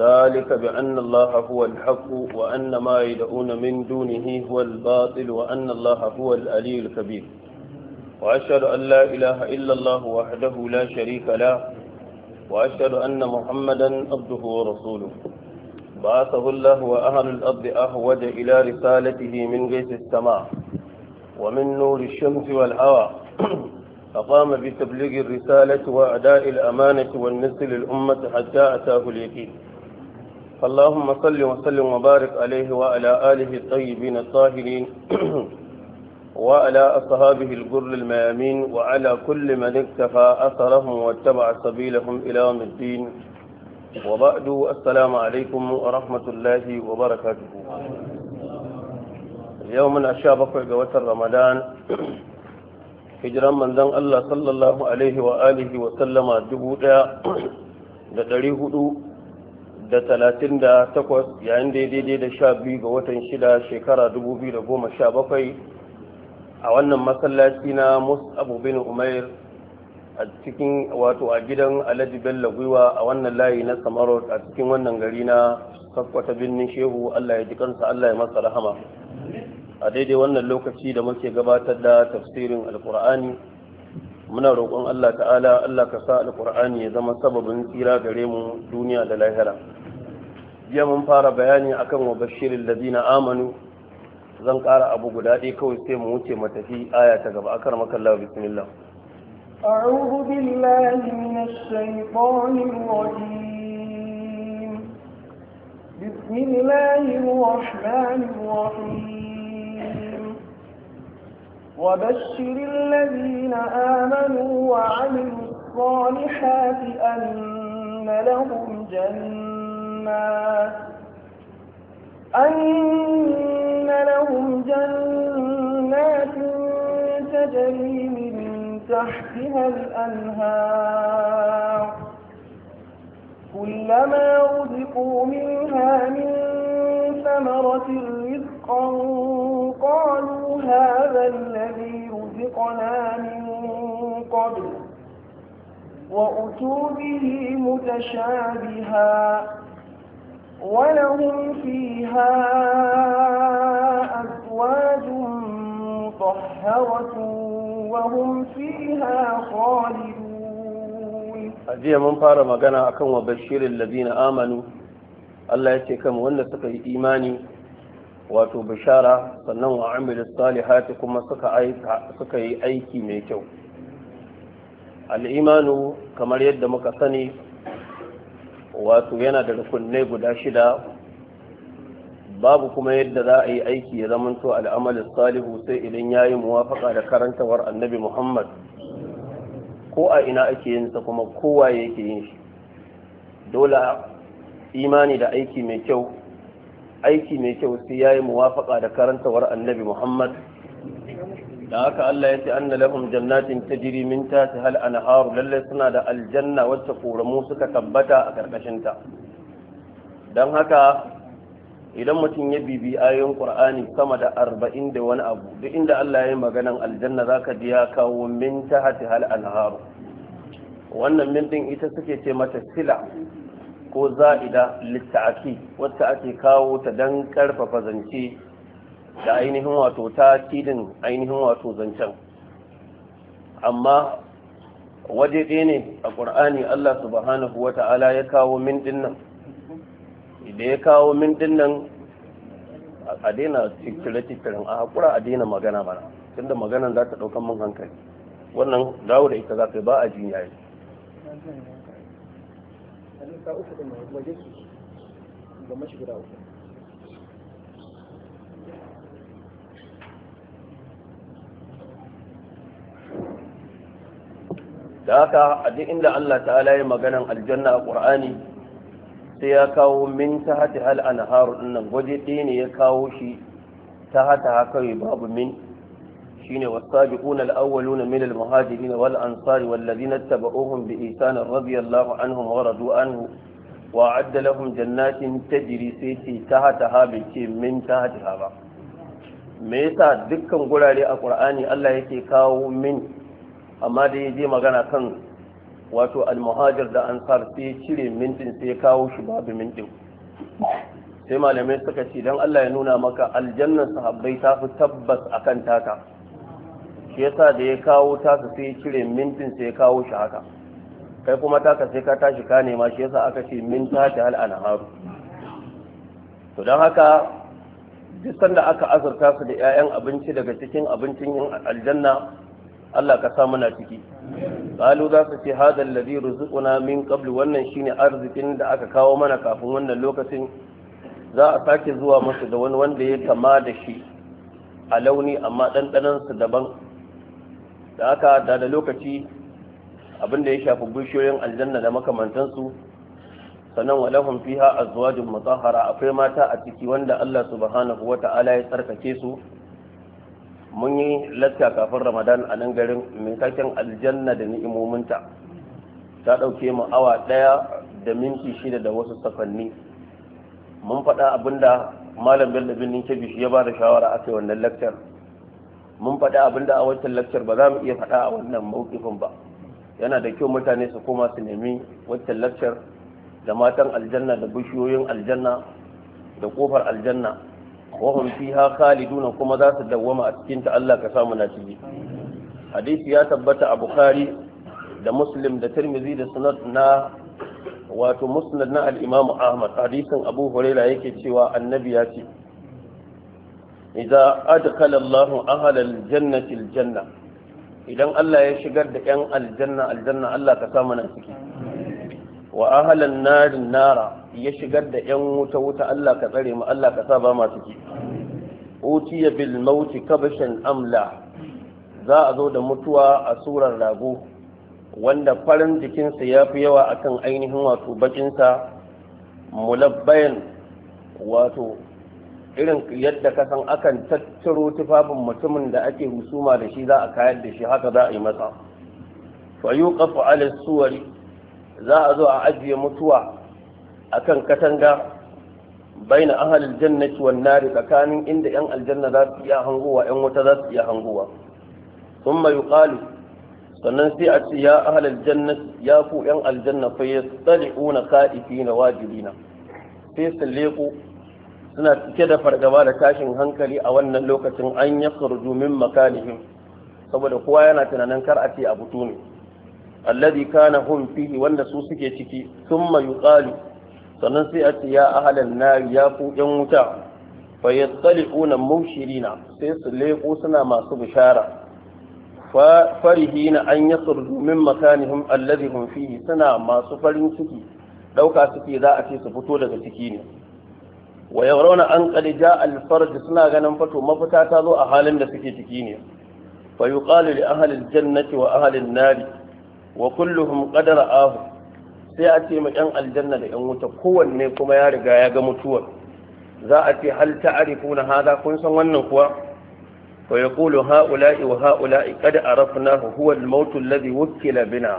ذلك بأن الله هو الحق وأن ما يدعون من دونه هو الباطل وأن الله هو الألي الكبير وأشهد أن لا إله إلا الله وحده لا شريك له وأشهد أن محمدا عبده ورسوله بعثه الله وأهل الأرض أهود إلى رسالته من غيث السماء ومن نور الشمس والهوى أقام بتبليغ الرسالة وأداء الأمانة والنسل للأمة حتى أتاه اليقين اللهم صل وسلم وبارك عليه وعلى آله الطيبين الطاهرين وعلى أصحابه الجر الميامين وعلى كل من اكتفى أثرهم واتبع سبيلهم إلى يوم الدين وبعد السلام عليكم ورحمة الله وبركاته يوم أشابك قوة رمضان hijiran manzon Allah sallallahu alaihi wa alihi wa sallama dubu ɗaya da ɗari hudu da talatin da takwas yayin da daidai da sha biyu ga watan shida shekara dubu biyu da goma sha bakwai a wannan masallaci na mus abu bin umair a cikin wato a gidan alhaji bello gwiwa a wannan layi na samaro a cikin wannan gari na kakwata birnin shehu allah ya ji kansa allah ya masa rahama a daidai wannan lokaci da muke gabatar da tafsirin alkur'ani muna roƙon Allah ta'ala Allah ka sa alƙur'ani ya zama sababin tsira gare mu duniya da lahira jiya mun fara bayani akan wa bashirin ladina amanu zan ƙara abu guda ɗaya kawai sai mu wuce matafi aya ta gaba akar makalla bismillah أعوذ بالله من الشيطان الرجيم بسم الله الرحمن الرحيم وبشر الذين آمنوا وعملوا الصالحات أن لهم جنات أن لهم جنات تجري من تحتها الأنهار كلما رزقوا منها من ثمرة رزقا قالوا هذا الذي رزقنا من قبل وأتوا به متشابها ولهم فيها أزواج مطهرة وهم فيها خالدون. أجي من فارم أجنا أكون وبشير الذين آمنوا Allah ya ce kama wanda suka yi imani wato bishara sannan wa amilu salihati kuma suka yi aiki mai kyau al'imanu kamar yadda muka sani wato yana da rukunai guda shida babu kuma yadda za a yi aiki ya zamanto al'amalin salihu sai idan ya yi muwafaka da karantawar annabi muhammad ko a ina ake yinsa kuma kowa yake yin shi dole imani da aiki mai kyau aiki mai kyau sai ya yi muwafaka da karantawar annabi muhammad da haka allah ya ce anna lahum jannatin ta jiri min ta ta hal anharu lalle suna da aljanna wacce koramu suka tabbata a karkashinta don haka idan mutum ya bibi ayoyin qur'ani sama da arba'in da wani abu duk inda allah ya yi maganan aljanna zaka ji ya kawo min ta hal anharu wannan min ita suke ce mata sila ko za'ida litta'aki wacce ake kawo ta don karfafa zance da ainihin wato ta kidin ainihin wato zancen amma waje ɗaya ne a ƙur'ani Allah subhanahu wa ta'ala ya kawo min dinnan idan ya kawo min dinnan a daina tikkire a haƙura a daina magana mana tunda maganan za ta ɗaukan mun hankali wannan dawo da ita za ka ba a jin yayi uku waje su ga mashi guda uku da haka a duk inda Allah ta'ala ya maganan aljanna a ƙur'ani sai ya kawo min ta hati hal anharu dinnan gwaje ɗaya ne ya kawo shi ta hata haka babu min shine wasabiqun al-awwaluna min al-muhajirin wal ansari wal ladina tabauhum bi ihsan radiyallahu anhum wa radu anhu wa adda lahum jannatin tajri sayti tahtaha bi min tahtaha ba me yasa dukkan gurare a Qur'ani Allah yake kawo min amma da yaje magana kan wato al-muhajir da ansar sai cire min din sai kawo shi babu min sai malamai suka ce don Allah ya nuna maka aljannar sahabbai ta fi tabbas akan taka shi yasa da ya kawo taka sai ya cire mintin sai ya kawo shi haka kai kuma taka sai ka tashi ka nema shi yasa aka ce min tashi hal anharu to dan haka duk sanda aka azurta su da 'ya'yan abinci daga cikin abincin yin aljanna Allah ka sa muna ciki qalu za su ce hadha alladhi ruzuquna min qabl wannan shine arzikin da aka kawo mana kafin wannan lokacin za a sake zuwa musu da wani wanda ya kama da shi a launi amma ɗanɗanansu daban da aka da da lokaci abin da ya shafi bishiyoyin aljanna da makamantansu sannan walahum fiha azwajun mutahhara akwai mata a ciki wanda Allah subhanahu wata'ala ya tsarkake su mun yi latta kafin Ramadan a nan garin mai taken aljanna da ni'imominta ta ɗauke mu awa daya da minti shida da wasu sakanni mun faɗa abinda malam Bello bin shi ya ba da shawara a kai wannan lakcar mun faɗa abin da a wancan lakcar ba za mu iya faɗa a wannan mawukifin ba yana da kyau mutane su koma su nemi wancan lakcar da matan aljanna da bishiyoyin aljanna da kofar aljanna wahum fiha khaliduna kuma za su dawwama a cikin ta Allah ka samu na ciki hadisi ya tabbata a bukhari da muslim da tirmidhi da sunan na wato musnad na al-imam ahmad hadisin abu huraira yake cewa annabi ya ce Iza adkhala Allahu ahla al-jannati al-janna idan Allah ya shigar da ƴan aljanna aljanna Allah ka samu nan ciki wa ahla an-nar nara ya shigar da ƴan wuta wuta Allah ka tsare mu Allah ka sa ba ma ciki utiya bil maut kabshan amla za a zo da mutuwa a surar rago wanda farin jikinsa ya fi yawa akan ainihin wato bakinsa mulabbayan wato irin yadda ka san akan tattaro tufafin mutumin da ake husuma da shi za a kayar da shi haka za a yi masa fa yuqafu ala suwari za a zo a ajiye mutuwa akan katanga baina ahli aljannati wan nar tsakanin inda yan aljanna za su iya hangowa yan wuta za su iya hangowa thumma yuqalu sannan sai a ce ya ahli aljannati ya ku yan aljanna fa yastali'una na wajibina sai su leko suna cike da fargaba da tashin hankali a wannan lokacin an ya min makalihim saboda kowa yana tunanin kar a ce a tuni ne alladhi kana hum fihi wanda su suke ciki thumma yuqalu sannan sai a ce ya a nar ya ku yan wuta fa yattali'una mubshirina sai su leko suna masu bishara fa farihina an yakhruju min makanihim alladhi hum fihi suna masu farin ciki dauka suke za a ce su fito daga ciki ne wa yarawna an qad jaa suna ganin fato mafita ta zo a halin da suke ciki ne fa yuqalu li ahli al jannati wa ahalin an wa kulluhum qad ra'ahu sai a ce ma yan aljanna da yan wuta kowanne kuma ya riga ya ga mutuwar za a ce hal ta'rifuna haza kun san wannan kuwa fa yaqulu ha'ula'i wa ha'ula'i qad arafnahu huwa al mautu alladhi bina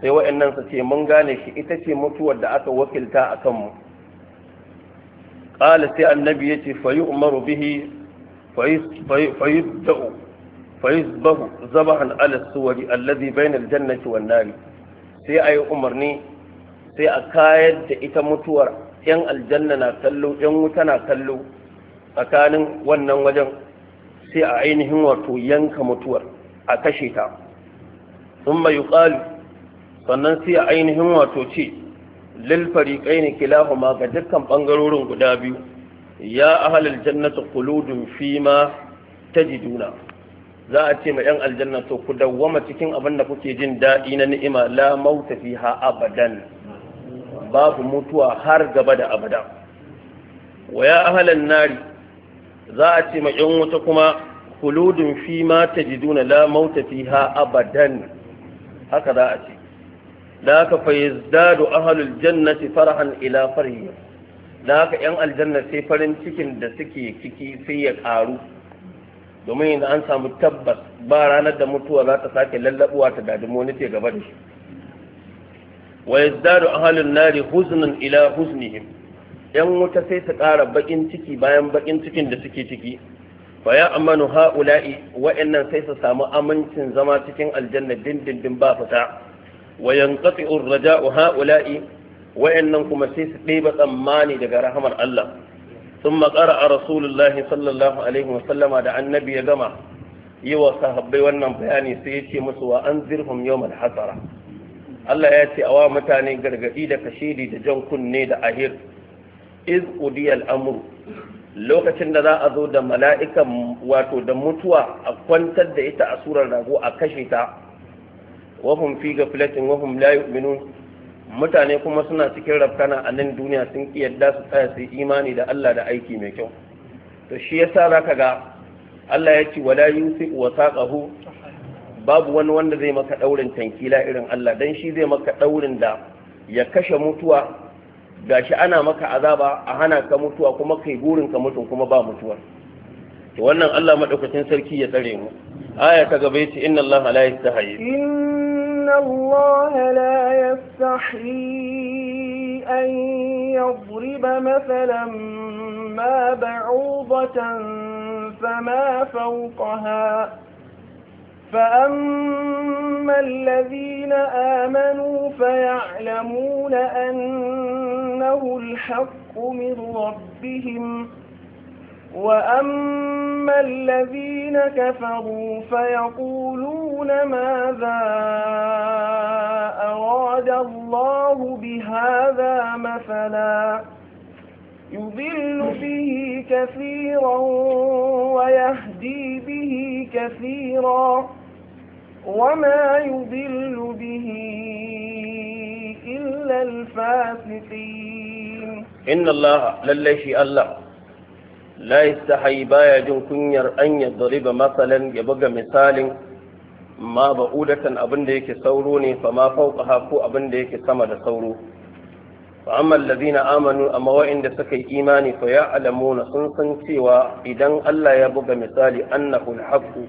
sai wa'annan su ce mun gane shi ita ce mutuwar da aka wakilta a mu qala sai annabi yace fa yu'maru bihi fa yudau fa yuzbahu zabahan ala suwari alladhi bayna aljannati wan nar sai ayi umarni sai a kayar da ita mutuwar yan aljanna na kallo yan wuta na kallo tsakanin wannan wajen sai a ainihin wato yanka mutuwar a kashe ta sun mai sannan sai a ainihin wato ce lil fariqain kilahuma ga dukkan bangarorin guda biyu ya ahlal jannati quludun fima tajiduna za a ce ma yan aljanna to ku dawwama cikin abin da kuke jin daɗi na ni'ima la mauta ha abadan babu mutuwa har gaba da Abadan. wa ya ahlan nari za a ce ma yan wuta kuma kuludun fima tajiduna la mauta ha abadan haka za a ce da haka fa yazdadu ahlul jannati farahan ila farhi da haka yan aljanna sai farin cikin da suke ciki sai ya karu domin yanzu an samu tabbas ba ranar da mutuwa za ta sake lallabuwa ta dadimu wani ce gaba da shi wa yazdadu ahlun nari huznan ila huznihim yan wuta sai ta kara bakin ciki bayan bakin cikin da suke ciki fa ya amanu ha'ula'i wa'annan sai su samu amincin zama cikin aljanna dindindin ba fita wa yanqati'u ar-raja'u ha'ula'i wayannan kuma sai su ɗeba tsammani daga rahamar Allah sun makara رسول الله صلى الله عليه وسلم دعا النبي يا جماعة يوا صحابي wannan bayani sai ce musu wa anzirhum yawm al-hasara Allah ya ce a wa mutane gargadi da kashidi da jan kunne da ahir iz udiya al lokacin da za a zo da mala'ikan wato da mutuwa a kwantar da ita a surar rago a kashe ta wahum fi gaflatin wahum la yu'minun mutane kuma suna cikin rafkana a nan duniya sun ki yadda su tsaya su imani da Allah da aiki mai kyau to shi yasa zaka ga Allah ya ce wala yusiq wasaqahu babu wani wanda zai maka daurin tankila irin Allah dan shi zai maka daurin da ya kashe mutuwa gashi ana maka azaba a hana ka mutuwa kuma kai burin ka mutum kuma ba mutuwa to wannan Allah madaukakin sarki ya tsare mu aya ta gaba yace inna Allah la yastahi إن الله لا يستحيي أن يضرب مثلا ما بعوضة فما فوقها فأما الذين آمنوا فيعلمون أنه الحق من ربهم وأما الذين كفروا فيقولون ماذا أراد الله بهذا مثلا يضل به كثيرا ويهدي به كثيرا وما يضل به إلا الفاسقين إن الله للشي الله la yastahi baya jin kunyar an ya dariba masalan ya buga misalin ma ba'udatan abin da yake sauro ne fa ma fawqaha ko abin da yake sama da sauro fa amma alladhina amanu amma wa'inda suka yi imani fa ya'lamuna sun san cewa idan Allah ya buga misali annahu al-haqqu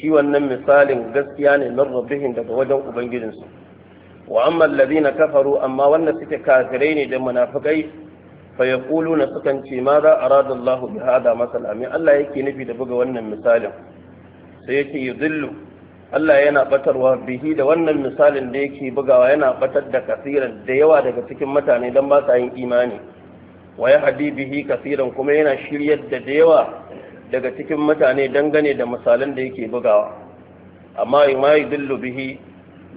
shi wannan misalin gaskiya ne min rabbihim daga wajen ubangijinsu wa amma alladhina kafaru amma wanda suke kafirai ne da munafikai na sukan ce ma za arada Allah bi hada masala mai Allah yake nufi da buga wannan misalin sai yake yudillu Allah yana batarwa bihi da wannan misalin da yake bugawa yana batar da kasiran da yawa daga cikin mutane dan ba sa imani wa hadi bihi kasiran kuma yana shiryar da yawa daga cikin mutane dangane da misalan da yake bugawa amma ma zillu bihi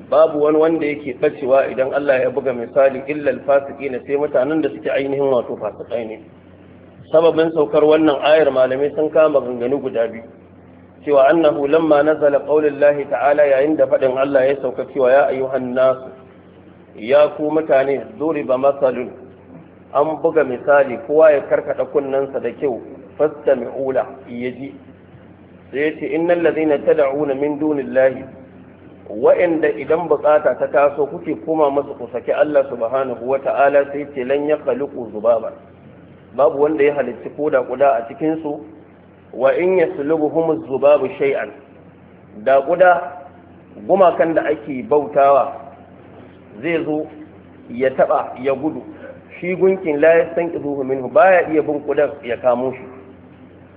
babu wani wanda yake ɓacewa idan Allah ya buga misali illal fasiqina sai mutanen da suke ainihin wato fasiqai ne sababin saukar wannan ayar malamai sun kama ganganu guda biyu cewa annahu lamma nazala qaulul lahi ta'ala yayin da fadin Allah ya sauka cewa ya ayyuhan nas ya ku mutane duriba masalun an buga misali kowa ya karkada kunnensa da kyau fastami'ula yaji sai ya ce innal ladina tad'una min dunillahi wa'anda idan bukata ta taso kuke koma masa ku saki Allah subhanahu ta'ala sai ce lan ya khaliqu zubaba babu wanda ya halicci koda kuda a cikin su wa in yaslubuhum zubabu shay'an da kuda gumakan da ake bautawa zai zo ya taba ya gudu shi gunkin la yastanqidhu minhu baya iya bin kudan ya kamo shi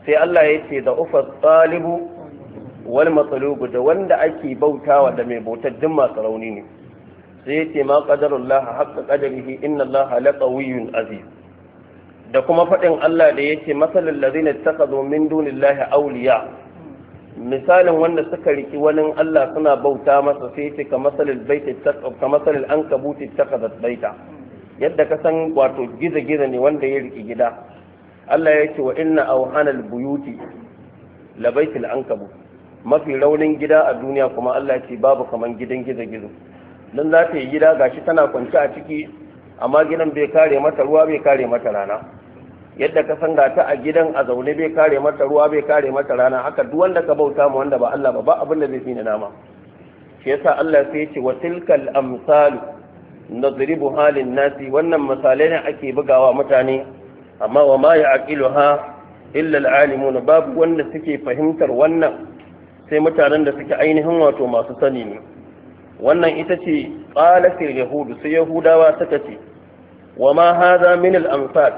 sai Allah ya ce da ufas talibu wal matsalubu da wanda ake bautawa da mai bautar duk masu rauni ne sai ya ce ma qadarullah haqqa qadarihi inna allaha aziz da kuma faɗin Allah da yake masalul ladzina ittakhadhu min dunillahi misalin wanda suka riki wani Allah suna bauta masa sai ce ka masalul baiti ka masalul baita yadda ka san wato giza ne wanda ya riki gida Allah ya ce wa inna auhanal buyuti labaitul ankabut mafi raunin gida a duniya kuma Allah ce babu kaman gidan gizo gizo dan za ta yi gida gashi tana kwanci a ciki amma gidan bai kare mata ruwa bai kare mata rana yadda ka san gata a gidan a zaune bai kare mata ruwa bai kare mata rana haka duk wanda ka bauta mu wanda ba Allah ba ba abin da zai fi ni nama shi yasa Allah sai ya ce wa tilkal amsal nadribu halin nasi wannan misalai ne ake bugawa mutane amma wa ma aqiluha illa al'alimun babu wanda suke fahimtar wannan sai mutanen da suke ainihin wato masu sani ne wannan ita ce ƙalasir yahudu sai yahudawa suka ce wa ma hadha min al amsal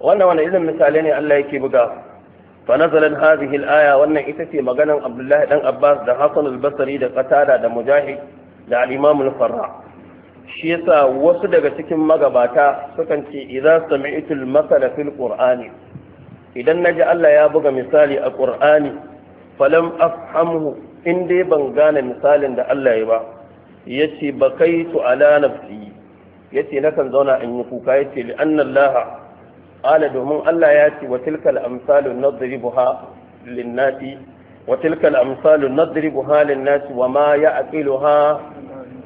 wannan wani irin misali ne Allah yake buga fa nazalat hadhihi al aya wannan ita ce maganan Abdullahi dan Abbas da Hassan al Basri da Qatada da Mujahid da al Imam al Farra shi yasa wasu daga cikin magabata sukan ce idza sami'tu al masala fil qur'ani idan naji Allah ya buga misali a qur'ani falam afhamhu in dai ban gane misalin da Allah ya ba yace bakaitu ala nafsi yace kan zauna in yi kuka yace li anna Allah ala domin Allah ya ce wa tilkal amsalu nadribuha linnati wa tilkal amsalu nadribuha linnati wa ma ya'qiluha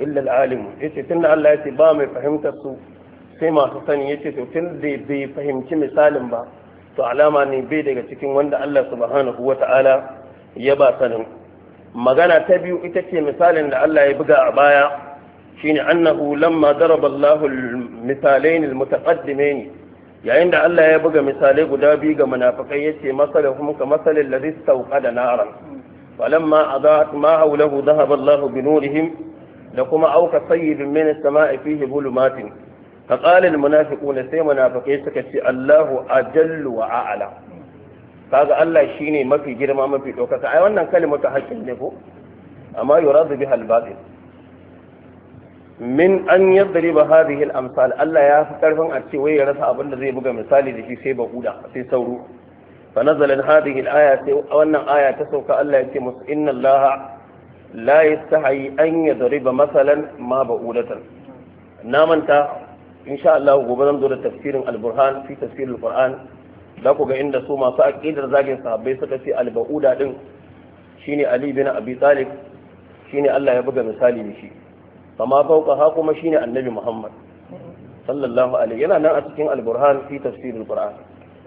illa al-alim yace tunda Allah ya ce ba mai fahimtar su sai masu sani yace to tun da bai fahimci misalin ba to alama ne bai daga cikin wanda Allah subhanahu ta'ala. ya ba sanin magana ta biyu ita ce misalin da Allah ya buga a baya shine annahu lamma daraba Allahu misalain almutaqaddimain yayin da Allah ya buga misalai guda biyu ga munafikai yace masalahum ka masalil ladhi istawqada naran falamma adaat ma hawlahu dhahaba Allahu binurihim da kuma auka sayyidun min as-sama'i fihi bulumatin sai المنافقون suka ce allahu ajallu wa a'ala. kaga Allah shine mafi girma mafi ɗaukaka ai wannan kalimatu haqqin ne ko amma yuradu biha al min an yadriba hadhihi al-amsal Allah ya fi karfin a ce wai ya rasa abin da zai buga misali da shi sai bahuda sai sauro fa nazalat hadhihi al-aya sai wannan aya ta sauka Allah ya ce musu inna Allah la yastahi an yadriba masalan ma ba'udatan na manta insha Allah gobe zan zo da tafsirin al-Burhan fi tafsirul Qur'an za ku ga inda su masu aƙidar zagin sahabbai suka ce alba'uda din shine ali bin abi talib shine Allah ya buga misali da shi amma fauka ha kuma shine annabi muhammad sallallahu alaihi yana nan a cikin alburhan fi tafsirul qur'an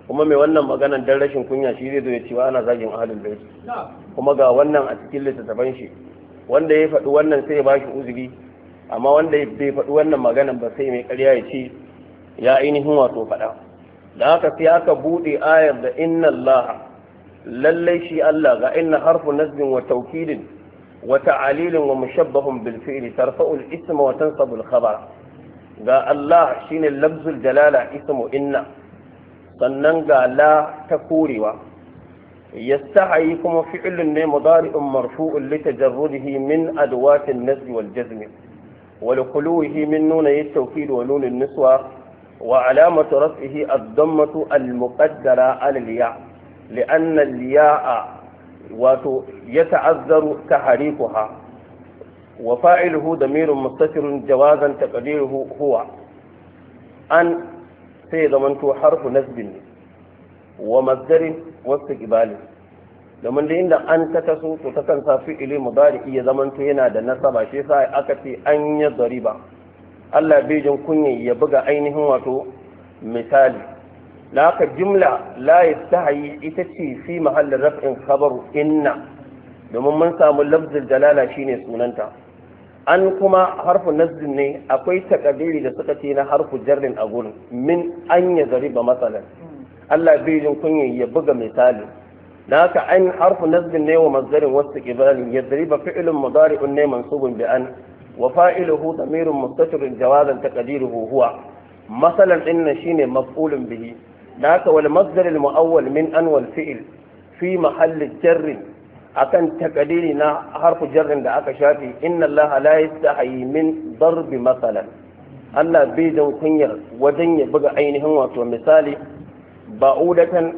kuma mai wannan maganan dan rashin kunya shi zai zo ya ce wa ana zagin ahlul bait kuma ga wannan a cikin littattafan shi wanda ya faɗi wannan sai ya bashi uzuri amma wanda bai faɗi wannan maganan ba sai mai ƙarya ya ce ya ainihin wato faɗa da haka sai aka buɗe ayar da inna Allah lallai shi Allah ga inna harfu nazbin wa tawkidin wa ta'alilin wa mushabbahun bil fi'li tarfa'u al isma wa tansabu al khabar ga Allah shine lafzul jalala ismu inna sannan ga la ta korewa yastahi kuma fi'lun ne mudari'un marfu'un li tajarrudihi min adwatin nasb wal jazm wa min nunayi at-tawkid wa nun niswa وعلامة رفعه الضمة المقدرة على الياء لأن الياء يتعذر تحريكها وفاعله ضمير مستتر جوازا تقديره هو أن سيد من حرف نسب ومصدر واستقبال domin da inda an ta taso to ta kan sa fi'ili mudari iya zamanto yana da nasaba shi yasa aka ce an ya zariba Allah bai jin kunya ya buga ainihin wato misali la haka jumla la yastahi ita ce fi mahallin raf'in khabaru inna domin mun samu lafzul jalala shine sunanta an kuma harfu nazdin ne akwai takadiri da suka ce na harfu jarrin a gurin min an ya zariba matsalar. Allah bai jin kunya ya buga misali da ka an harfu nazdin ne wa mazdarin wasu kibalin ya zariba fi'ilin mudari'un ne mansubun bi an wa وفاعله ضمير مستتر جوازا تقديره هو مثلا ان شيني مفعول به ذاك والمصدر المؤول من ان والفعل في محل الجر akan takadiri na harfu jarrin da aka shafi inna allaha la yastahi min zarbi masalan Allah bai da kunyar wajen ya buga ainihin wato misali ba'udatan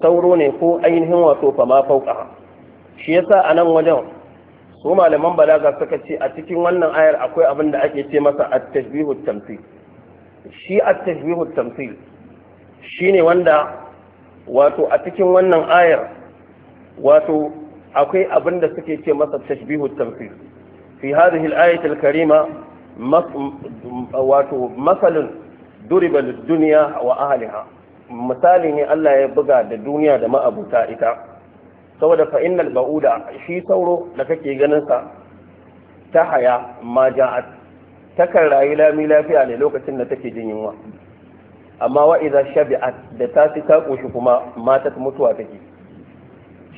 sauro ne ko ainihin wato fama fauka shi yasa anan wajen su malaman balaga suka ce a cikin wannan ayar akwai abin da ake ce masa at-tashbihu tamthil shi at-tashbihu tamthil shine wanda wato a cikin wannan ayar wato akwai abin da suke ce masa tashbihu tamthil fi hadhihi al-ayati al-karima wato masalun duriba lid-dunya wa ahliha misali ne Allah ya buga da duniya da ma'abuta ita saboda fa innal ba'uda shi sauro da kake ganin sa ta haya ma ja'at takan rayu lami lafiya ne lokacin da take jin yunwa amma wa idza shabi'at da ta ci ta koshi kuma matat mutuwa take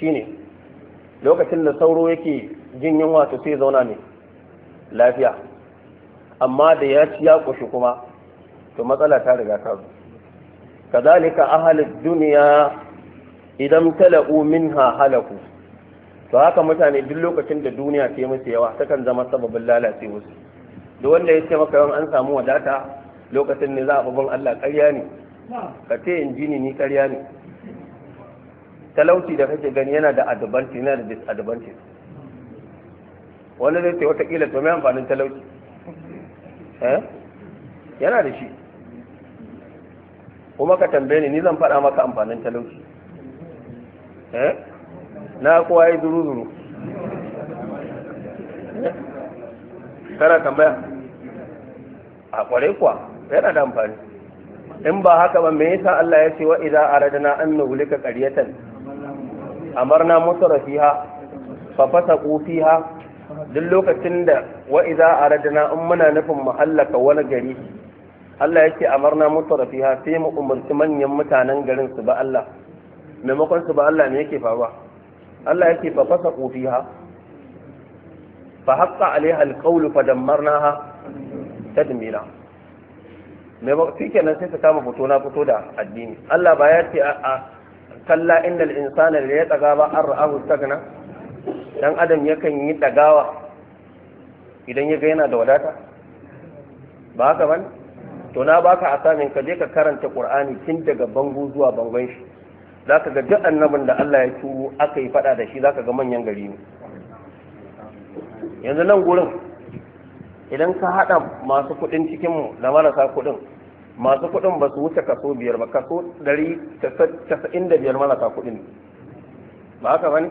shine lokacin da sauro yake jin yunwa to sai zauna ne lafiya amma da ya ci ya koshi kuma to matsala ta riga ta zo kadalika ahalud dunya idan tala'u minha halaku to haka mutane duk lokacin da duniya ce musu yawa takan zama sababin lalace wasu duk wanda ya ce maka yawan an samu wadata lokacin ne za a babban Allah ƙarya ne ka ce in ji ni ƙarya ne talauci da kake gani yana da advantage yana da disadvantage wanda zai ce watakila to mai amfanin talauci eh? yana da shi kuma ka tambaye ni ni zan faɗa maka amfanin talauci eh na kowa yi zuru zuru tara tambaya a kware kuwa yana da amfani in ba haka ba me yasa Allah ya ce wa idza aradna an nuhlika qaryatan amarna fiha fa fasaqu fiha duk lokacin da wa idza aradna an muna nufin mahallaka wani gari Allah yake amarna fiha sai mu umarci manyan mutanen garin su ba Allah maimakon su ba Allah ne yake faruwa Allah yake fa fasa kofiha fa haqqa alaiha alqawlu fa dammarnaha tadmira mai ba fike nan sai ta kama fito na fito da addini Allah ba ya ce a kalla innal insana la yataga ba arahu ra'ahu stagna dan adam yakan yi dagawa idan ya ga yana da wadata ba haka ban to na baka asamin ka je ka karanta qur'ani tun daga bango zuwa bangon shi za ka ga annabin da Allah ya turo aka yi faɗa da shi za ka ga manyan gari ne yanzu nan gurin idan ka haɗa masu kuɗin cikinmu da marasa kuɗin masu kuɗin ba su wuce kaso biyar ba kaso ɗari casa'in da biyar marasa kuɗin ba haka ba ne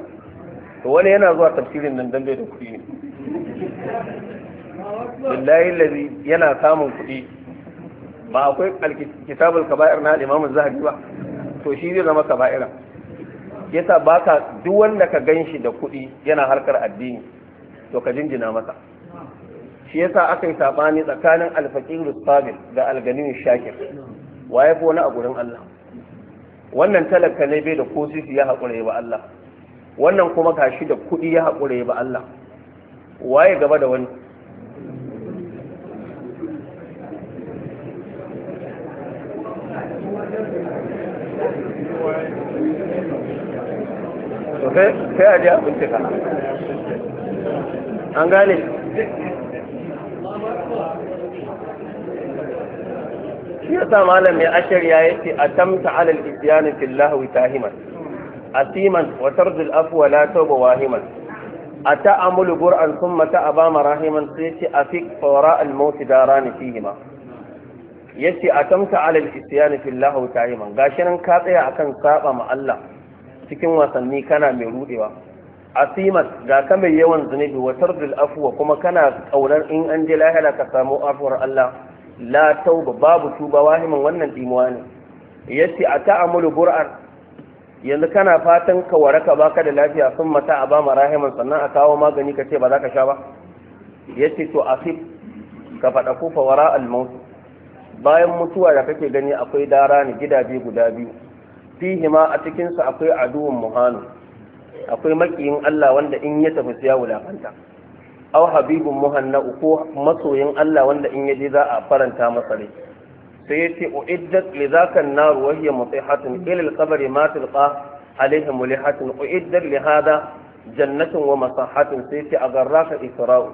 to wani yana zuwa tafsirin nan dambe da kuɗi ne billahi lazi yana samun kuɗi ba akwai alkitabul kaba'ir na al-imamu zahabi ba to shi zai zama kaba'ira yasa baka duk wanda ka gan shi da kuɗi yana harkar addini to ka jinjina masa shi yasa aka yi saɓani tsakanin alfaqirus sabil da alganin shakir waye fi wani a gurin Allah wannan talaka ne bai da kosisi ya haƙura ba Allah wannan kuma gashi da kuɗi ya haƙura ba Allah waye gaba da wani sai a je a bincika an gane shi yasa malam mai ashirya ya ce a tamta alal isyan fil lahwi tahiman asiman wa tardul afuwa la tauba wahiman a amulu qur'an thumma ta'aba marahiman sai ce yace afik fawara al maut daran fihima yace tamta alal isyan fil lahwi tahiman gashi nan ka tsaya akan saba ma Allah cikin wasanni kana mai rudewa asimat ga ka mai yawan zunubi wa tardil afwa kuma kana kaunar in an je lahira ka samu afuwar Allah la tauba babu tuba wahimin wannan dimuwa ne yace a ta'amulu qur'an yanzu kana fatan ka waraka baka da lafiya sun mata a ba marahiman sannan a kawo magani ka ce ba za ka sha ba yace to asif ka faɗa kufa wara al bayan mutuwa da kake gani akwai dara ne gidaje guda biyu fihima a cikinsu akwai aduwun muhanu akwai makiyin Allah wanda in ya tafi ya wulakanta aw habibun muhanna ko masoyin Allah wanda in ya je za a faranta masa rai sai ya ce uiddat li zakan nar wa hiya mutihatun ila al-qabri ma tilqa alaihim mulihatun uiddat li hada jannatun wa masahatun sai ce agarraka isra'u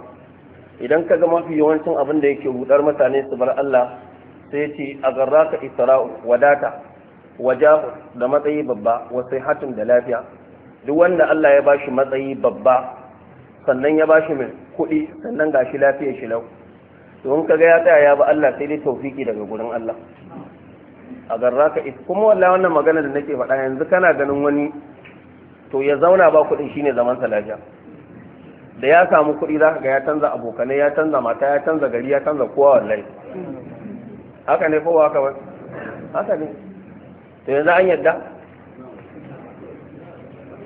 idan ka ga mafi yawancin abin da yake rudar mutane su bar Allah sai ce agarraka isra'u wadata wajahu da matsayi babba wa hatun da lafiya duk wanda Allah ya bashi matsayi babba sannan ya bashi mai kuɗi sannan gashi lafiya shi lau to in kaga ya tsaya ya ba Allah sai dai tawfiki daga gurin Allah a garraka is kuma wallahi wannan magana da nake faɗa yanzu kana ganin wani to ya zauna ba kuɗin shine zaman sa lafiya da ya samu kuɗi za ka ga ya canza abokanai ya canza mata ya canza gari ya canza kowa wallahi haka ne kowa haka ba haka ne to yanzu an yadda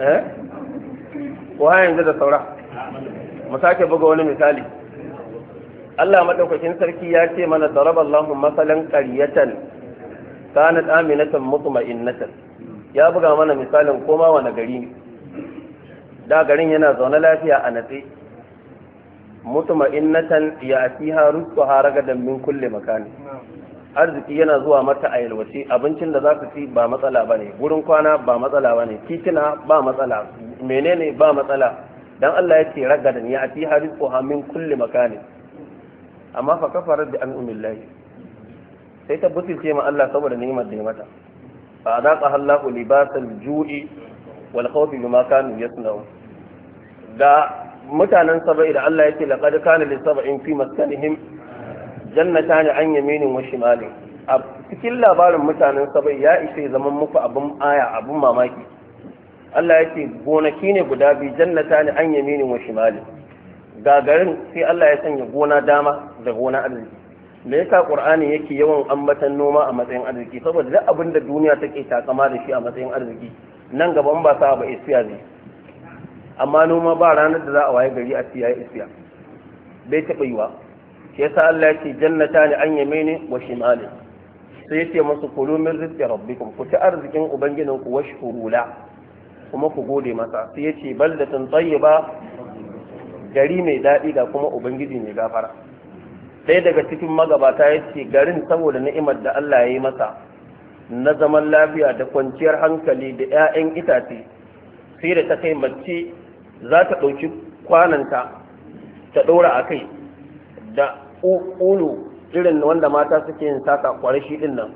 eh wa yanzu da saura mu sake buga wani misali Allah madaukakin sarki ya ce mana daraballahu masalan qaryatan kanat aminatan mutma'innatan ya buga mana misalin koma wani gari ne da garin yana zaune lafiya a natse mutma'innatan ya fiha rizquha ragadan min kulli makani arziki yana zuwa mata a yalwace abincin da za ka ci ba matsala ba ne gurin kwana ba matsala ba ne titina ba matsala menene ba matsala dan Allah ya ce ragadan ya hari harizquha min kulli makani amma fa an umar an'amillahi sai ta ce ma Allah saboda ni'imar da ya mata fa adaqa Allahu libasal ju'i wal khawfi bima kanu yasna'un da mutanen saba'i da Allah ya ce laqad kana lis saba'in fi maskanihim jannata ne an yamini wa shimali a cikin labarin mutanen sabai ya ishe zaman muku abin aya abin mamaki Allah ya ce gonaki ne guda biyu jannata ne an yamini wa shimalin gagarin sai Allah ya sanya gona dama da gona arziki me yasa qur'ani yake yawan ambatan noma a matsayin arziki saboda duk abin da duniya take takama da shi a matsayin arziki nan gaban ba sa ba isiya ne amma noma ba ranar da za a waye gari a siya isiya bai taɓa yiwa shi yasa Allah ya ce jannata ne an yame ne wa shimali sai ya ce masu kulu min rizqi rabbikum ku ci arzikin ubangijin ku washkuru la kuma ku gode masa sai ya ce baldatun tayyiba gari mai daɗi ga kuma ubangiji mai gafara sai daga cikin magabata ya ce garin saboda ni'imar da Allah ya yi masa na zaman lafiya da kwanciyar hankali da 'ya'yan itace sai da ta kai mace za ta ɗauki kwananta ta ɗora a kai da ulu irin wanda mata suke yin saka kwarashi din nan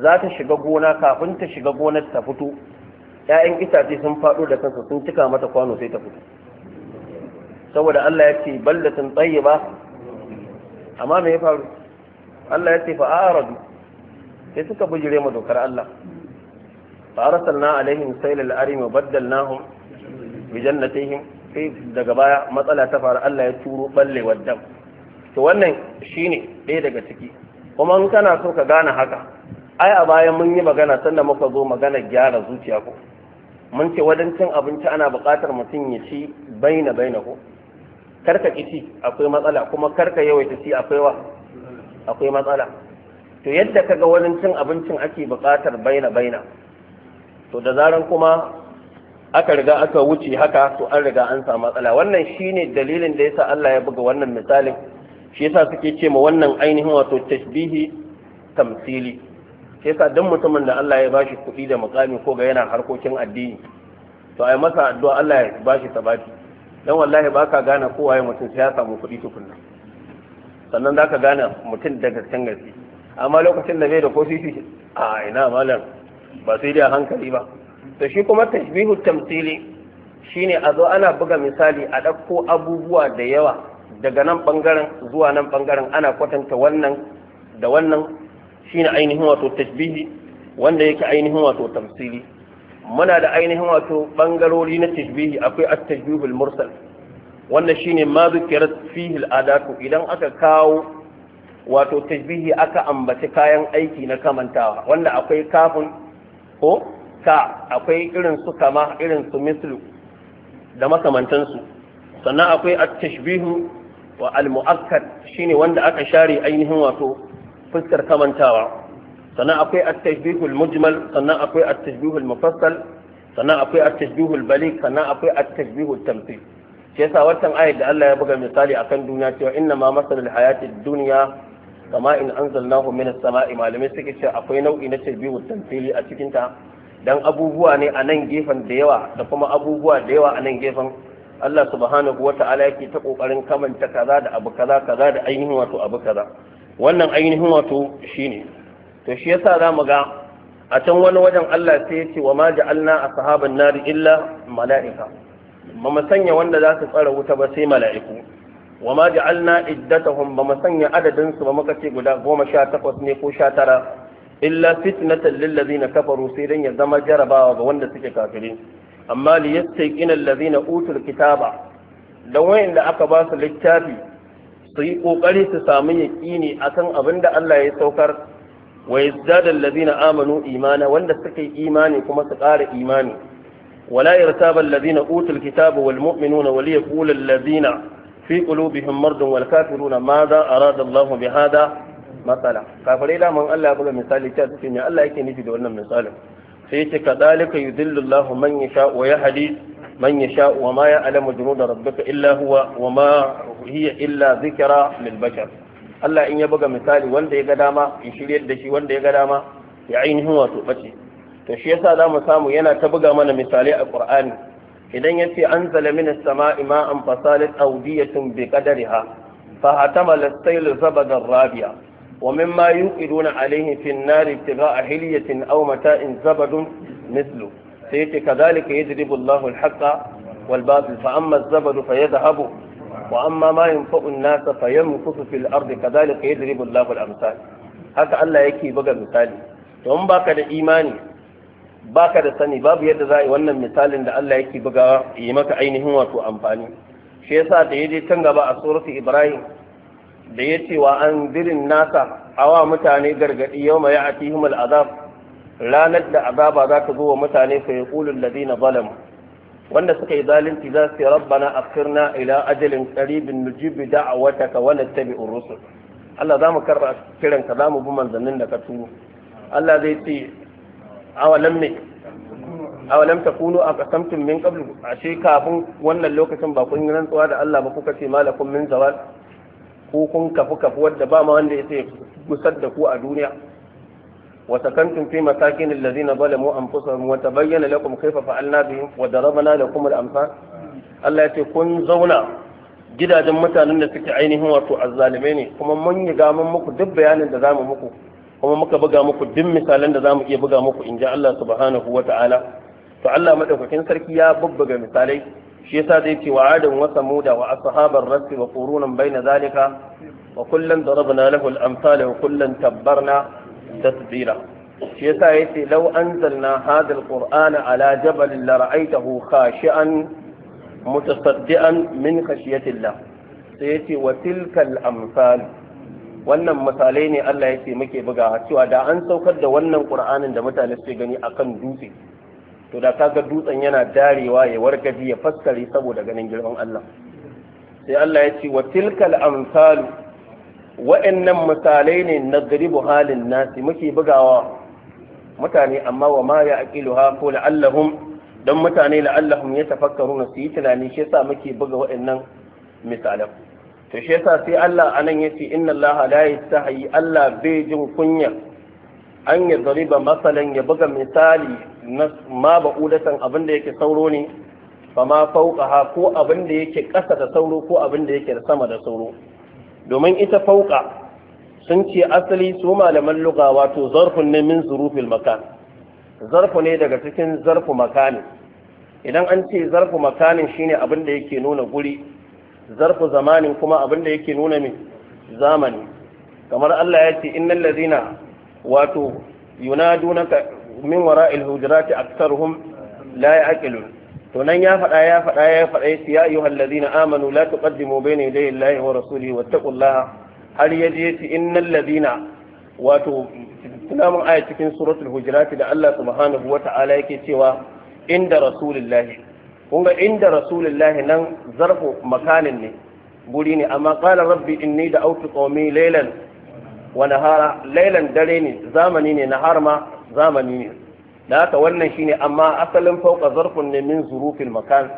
za ta shiga gona kafin ta shiga gonar ta fito ‘ya'yan itace sun faɗo da kansa sun cika mata kwano sai ta fito saboda Allah ya ce ballatin tsaye ba amma me ya faru Allah ya ce fa aradu sai suka bujire ma dokar Allah fa arsalna alaihim sailal arim baddalnahum bi jannatihim sai daga baya matsala ta faru Allah ya turo balle wadda to wannan shine ɗaya daga ciki kuma in kana so ka gane haka ai a bayan mun yi magana sannan muka zo magana gyara zuciya ko mun ce wadancin abinci ana buƙatar mutum ya ci baina baina ko karka ki ci akwai matsala kuma karka yawaita ci akwai wa akwai matsala to yadda kaga wadancin abincin ake buƙatar baina baina to da zaran kuma aka riga aka wuce haka to an riga an samu matsala wannan shine dalilin da yasa Allah ya buga wannan misalin shi yasa suke ce ma wannan ainihin wato tashbihi tamsili shi yasa dan mutumin da Allah ya bashi kuɗi da makami ko ga yana harkokin addini to ai masa addu'a Allah ya bashi sabati dan wallahi baka gane ko waye mutum sai ya samu kuɗi tukunna sannan zaka gane mutum da gaskiyar gaske amma lokacin da bai da ko sisi a ina malam ba sai dai hankali ba to shi kuma tashbihu tamsili shine a zo ana buga misali a ɗauko abubuwa da yawa daga nan bangaren zuwa nan bangaren ana kwatanta wannan da wannan shine ainihin wato tashbihi wanda yake ainihin wato tamsili muna da ainihin wato bangarori na tashbihi akwai at al mursal wanda shine ma zukirat fihi al-adatu idan aka kawo wato tashbihi aka ambaci kayan aiki na kamantawa wanda akwai kafin ko ka akwai irin su kama irin su mislu da makamantansu sannan akwai at-tashbihu wa al-mu'akkad shine wanda aka share ainihin wato fuskar kamantawa sannan akwai at-tashbihul mujmal sannan akwai at-tashbihul mufassal sannan akwai at-tashbihul baligh sannan akwai at-tashbihul tamthil shi yasa wannan ayat da Allah ya buga misali akan duniya cewa inna ma masalul hayatid dunya kama in anzalnahu minas sama'i malamai suke cewa akwai nau'i na tashbihul tamthili a cikin ta dan abubuwa ne a nan gefen da yawa da kuma abubuwa da yawa a nan gefen Allah subhanahu wata'ala yake ta kokarin kamanta kaza da abu kaza kaza da ainihin wato abu kaza wannan ainihin wato shine to shi yasa zamu ga a can wani wajen Allah sai ya ce wa ma ja'alna ashaban nar illa mala'ika ba mu sanya wanda za su tsara wuta ba sai mala'iku wa ma ja'alna iddatahum ba mu sanya adadin su ba muka ce guda 18 ne ko 19 illa fitnatan lil ladina kafaru sai dan ya zama jarabawa ga wanda suke kafirin amma li yastaqina allazina utul kitaba da aka ba su littafi su yi kokari su samu yaqini akan abinda Allah ya saukar wa lazina amanu imana wanda suka yi imani kuma su ƙara imani wala yartaba allazina utul kitaba wal mu'minuna wal yaqulu allazina fi qulubihim mardun wal kafiruna madha arada Allahu bi hada matsala kafirai daman Allah ya buga misali cewa cikin ya Allah yake nufi da wannan misalin sai yace kadhalika yudillu Allahu man yasha wa yahdi man yasha wa ma ya'lamu junuda rabbika illa huwa wa ma hiya illa dhikra lil bashar Allah in ya buga misali wanda ya ga dama in shiryar da shi wanda ya ga dama ya ainihin wato bace to shi yasa zamu samu yana ta buga mana misali a Qur'ani idan yace anzala minas sama'i ma'an fasalat awdiyatun bi qadariha fa hatama lasayl zabadan rabiya ومما يوقدون عليه في النار ابتغاء حلية أو متاع زبد مثله سيأتي كذلك يجرب الله الحق والباطل فأما الزبد فيذهب وأما ما ينفع الناس فيمكث في الأرض كذلك يجرب الله الأمثال haka Allah yake buga misali don baka da imani baka da sani babu yadda za a wannan misalin da Allah yake bugawa yi maka ainihin wato amfani shi yasa da gaba a suratu Ibrahim da ya ce wa an zirin nasa awa mutane gargaɗi yau mai a tihimul azab ranar da azaba za ta zo wa mutane fa ya ƙulun ladina zalamu wanda suka yi zalunci za su yi rabbana firna ila ajalin qaribin nujibi da'awataka wani nattabi'ur rusul Allah za mu karɓa kiran ka za mu bi manzannin da ka tuno Allah zai ce awalam me ta awalam a aqsamtum min qabl ashe kafin wannan lokacin ba kun yi rantsuwa da Allah ba kuka ce malakum min zawal ko kun kafu kafu wadda ba ma wanda ya sai gusar da ku a duniya wa sakantum fi masakin allazina zalamu anfusahum wa tabayyana lakum kayfa fa'alna bihim wa darabna lakum al-amsal Allah ya ce kun zauna gidajen mutanen da suke ainihin wato azzalimai ne kuma mun yi gaman muku duk bayanin da zamu muku kuma muka buga muku duk misalan da zamu iya buga muku in ji Allah subhanahu wa ta'ala to Allah madaukakin sarki ya bubbuga misalai shi yasa zai ce wa adin wa samuda wa ashabar rasi wa qurunan baina zalika wa kullan darabna lahu al-amsal wa kullan tabbarna tasbira shi yasa yace law anzalna hadha al-qur'ana ala jabal la ra'aytahu khashi'an mutasaddian min khashyatillah sai yace wa tilka al-amsal wannan misalai ne Allah yake muke buga cewa da an saukar da wannan qur'anin da mutane suke gani akan dutse to da kaga dutsen yana darewa ya wargaji ya faskari, saboda ganin girman Allah sai Allah ya ce wa tilkal amsalu wa'annan misalai ne na garibu halin nasi muke bugawa mutane amma wa ma ya aqiluha ko la'allahum dan mutane la'allahum yatafakkaruna su yi tunani shi yasa muke buga wa'annan misalan to shi yasa sai Allah anan yace inna layi la yastahi Allah bai jin kunya an ya zariba matsalin ya buga misali na ma ba'udatan abin da yake sauro ne ba ma fauka ha, ko abin da yake ƙasa da sauro ko abin da yake sama da sauro domin ita fauka sun ce asali su malaman luga wato zarfun ne min zurufin makan zarfu ne daga cikin zarfu makani idan an ce zarfu makanin shine abin da yake nuna guri zarfu zamanin kuma abin da yake nuna mai zamani kamar Allah ya ce innal ladina wato yunadunaka min wara'il hujurati aktsaruhum la aƙilun. to nan ya faɗa ya faɗa ya faɗa ya ayyuhal ladina amanu la ta tuqaddimu bayna yaday Allahi wa rasulihi wattaqullaha har ya je ci innal ladina wato mun aya cikin suratul hujurat da Allah subhanahu wata'ala yake cewa inda rasulillahi kun ga inda rasulillahi nan zarfu makanin ne guri ne amma qala rabbi inni da'awtu qaumi laylan wa nahara lailan dare ne zamani ne nahar ma zamani ne da haka wannan shine amma asalin fauka zarfin ne min zurufin makan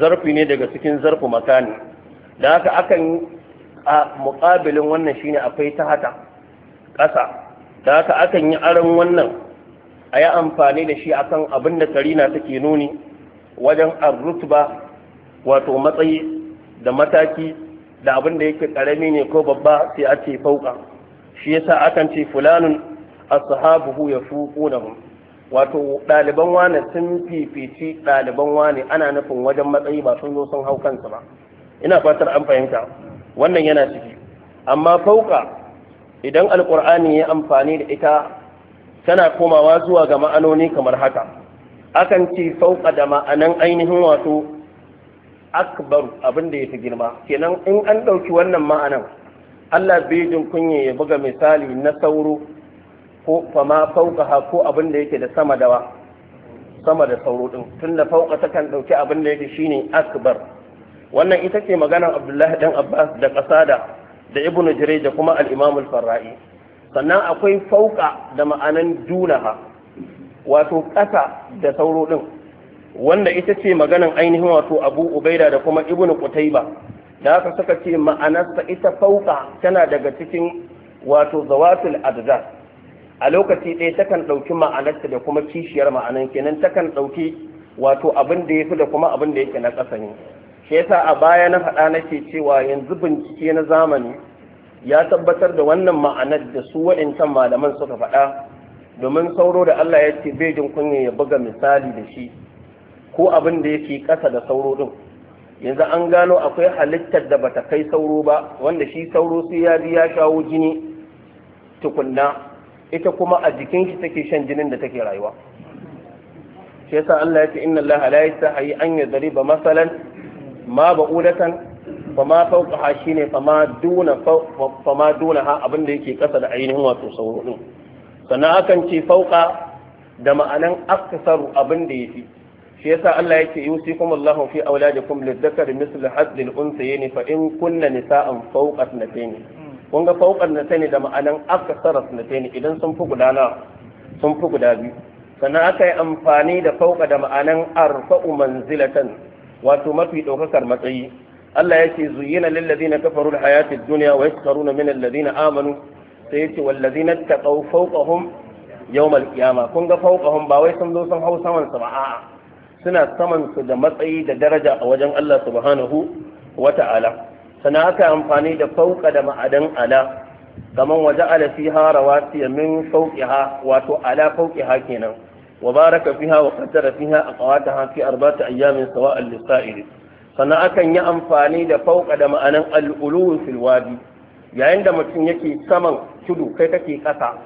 zarfi ne daga cikin zarfu makani da haka akan a muƙabilin wannan shine akwai ta hata ƙasa da haka akan yi aron wannan a yi amfani da shi akan abin da karina take nuni wajen arrutuba wato matsayi da mataki da abin da yake ƙarami ne ko babba sai a ce fauka shi yasa akan ce fulanun ashabuhu yafuqunahum wato daliban wane sun fifici daliban wane ana nufin wajen matsayi ba sun zo sun hau kansa ba ina fatar an fahimta wannan yana ciki amma fauka idan alkur'ani ya amfani da ita tana komawa zuwa ga ma'anoni kamar haka akan ce fauka da ma'anan ainihin wato akbar abinda da ya fi girma kenan in an ɗauki wannan ma'anan Allah bai jin kunye ya buga misali na sauro ko fama fauka ha, ko abin da yake da sama dawa sama da sauro din tunda fauka takan dauki abin da yake shine akbar wannan ita ce maganar Abdullahi dan Abbas da Qasada da Ibn Jurayj da kuma al-Imam al-Farra'i sannan akwai fauka da ma'anan dunaha wato ƙasa da sauro din wanda ita ce maganar ainihin wato Abu Ubaida da kuma Ibn Qutayba da haka suka ce ma'anarsa ita fauka tana daga cikin wato zawatul adza a lokaci ɗaya takan ɗauki ma'anarta da kuma kishiyar ma'anar kenan takan ɗauki wato abin da ya fi da kuma abin da yake na ƙasa ne shi yasa a baya na faɗa nake cewa yanzu bincike na zamani ya tabbatar da wannan ma'anar da su wa'incan malaman suka faɗa domin sauro da Allah ya ce bai jin kunya ya buga misali da shi ko abin da yake ƙasa da sauro din? yanzu an gano akwai halittar da bata kai sauro ba wanda shi sauro sai ya bi ya shawo jini tukunna ita kuma a jikin shi take shan jinin da take rayuwa shi yasa Allah ya ce inna Allah la yastahi an ba masalan ma ma fama ha shine ma duna duna ha abinda yake kasa da ainihin wato sauro din sannan akan ce fauka da ma'anan aksaru abinda yake yafi shi yasa Allah yake yusikum Allahu fi auladikum lidhakari misl hadd al-unthayayn fa in kunna nisa'an fawqa ithnatayn kun ga fawqa ithnatayn da ma'anan aksara ithnatayn idan sun fi gudana sun fi guda biyu sannan aka yi amfani da fawqa da ma'anan arfa'u manzilatan wato mafi daukakar matsayi Allah yake zuyyina lil ladina kafaru al-hayati ad-dunya wa yaskaruna min alladhina amanu sai yace wal ladina taqaw fawqahum yawm al-qiyamah kun ga fawqahum ba wai sun zo sun hau saman su a'a suna saman su da matsayi da daraja a wajen Allah subhanahu wa ta'ala sana aka amfani da fauka da ma'adan ala kaman waje ala fiha rawasiya min fauqiha wato ala kenan wa baraka fiha wa qaddara fiha aqwataha fi arba'ati ayyamin sawa'an lisa'ili sana akan yi amfani da fauka da ma'anan al fil wadi yayin da mutum yake saman tudu kai kake kasa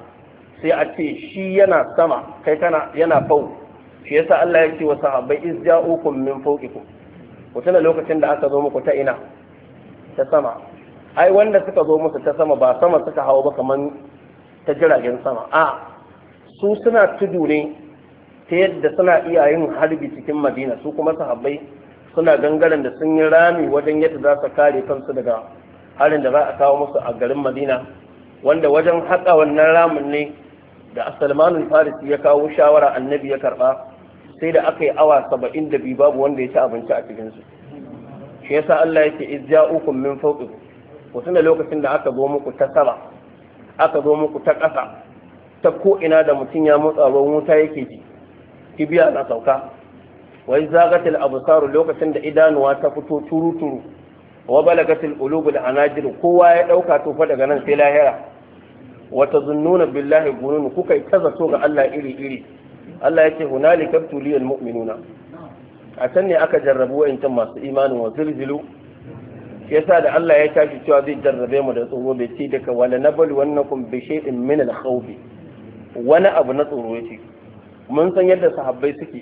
sai a ce shi yana sama kai kana yana fauka shi yasa Allah ya ce wa sahabbai iz ja'ukum min fawqikum ku tana lokacin da aka zo muku ta ina ta sama ai wanda suka zo musu ta sama ba sama suka hawo ba kaman ta jiragen sama a su suna tudu ne ta yadda suna iya yin harbi cikin madina su kuma sahabbai suna gangaren da sun yi rami wajen yadda za su kare kansu daga harin da za a kawo musu a garin madina wanda wajen haƙa wannan ramin ne da asalmanul farisi ya kawo shawara annabi ya karɓa sai da aka yi awa saba'in da biyu babu wanda ya ci abinci a cikinsu shi yasa Allah yake izja'ukum min fawqi ko tuna lokacin da aka zo muku ta sama aka zo muku ta ƙasa ta ko ina da mutum ya motsa ruwan wuta yake ji kibiya na sauka wa zagatil absaru lokacin da idanuwa ta fito turu turu wa balagatil qulubu da Anajiru, kowa ya dauka tofa daga nan sai lahira wa tazunnuna billahi gunun kuka ta so ga Allah iri iri Allah ya ce hunalika tuliyal mu'minuna a can ne aka jarrabu wa'ancan masu imanin wa zirzilu ya yasa da Allah ya tashi cewa zai jarrabe mu da tsoro bai ci daga wala nabal wannakum bi shay'in min al wani abu na tsoro yace mun san yadda sahabbai suke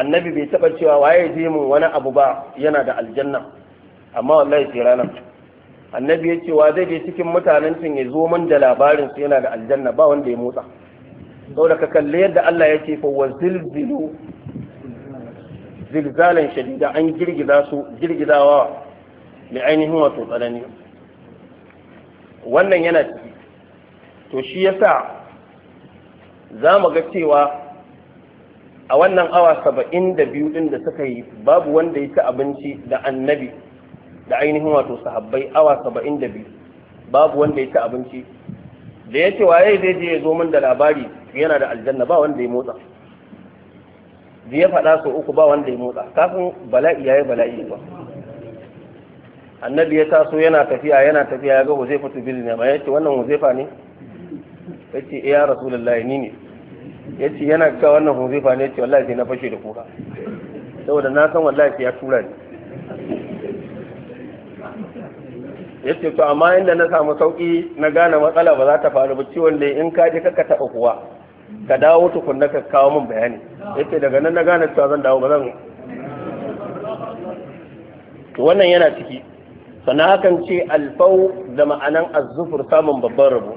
annabi bai taba cewa waye je mun wani abu ba yana da aljanna amma wallahi sai ranar annabi ya ce wa zai je cikin mutanen cin ya zo mun da labarin su yana da aljanna ba wanda ya motsa saboda ka kalle yadda Allah ya ce fa wa zilzilu zilzalan shadida an girgiza su girgizawa mai ainihin wato tsanani wannan yana ciki to shi yasa za mu ga cewa a wannan awa saba'in da biyu ɗin da suka yi babu wanda ya ci abinci da annabi da ainihin wato sahabbai awa saba'in da biyu babu wanda ya ci abinci da ya ce waye zai je ya zo min da labari yana da aljanna ba wanda ya motsa da ya faɗa sau uku ba wanda ya motsa kafin bala'i ya yi bala'i ba annabi ya taso yana tafiya yana tafiya ya ga huzaifa tu bil ya yace wannan huzaifa ne yace eh ya rasulullahi ni ne yace yana ga wannan huzaifa ne yace wallahi sai na fashe da kuka saboda na san wallahi ya tura ni yace to amma inda na samu sauki na gane matsala ba za ta faru ba ciwon da in ka je ka taɓa kuwa ka dawo tukunna ka kawo min bayani yace daga nan na gane cewa zan dawo ba zan wannan yana ciki sannan hakan ce alfau da ma'anan azzufur samun babban rabo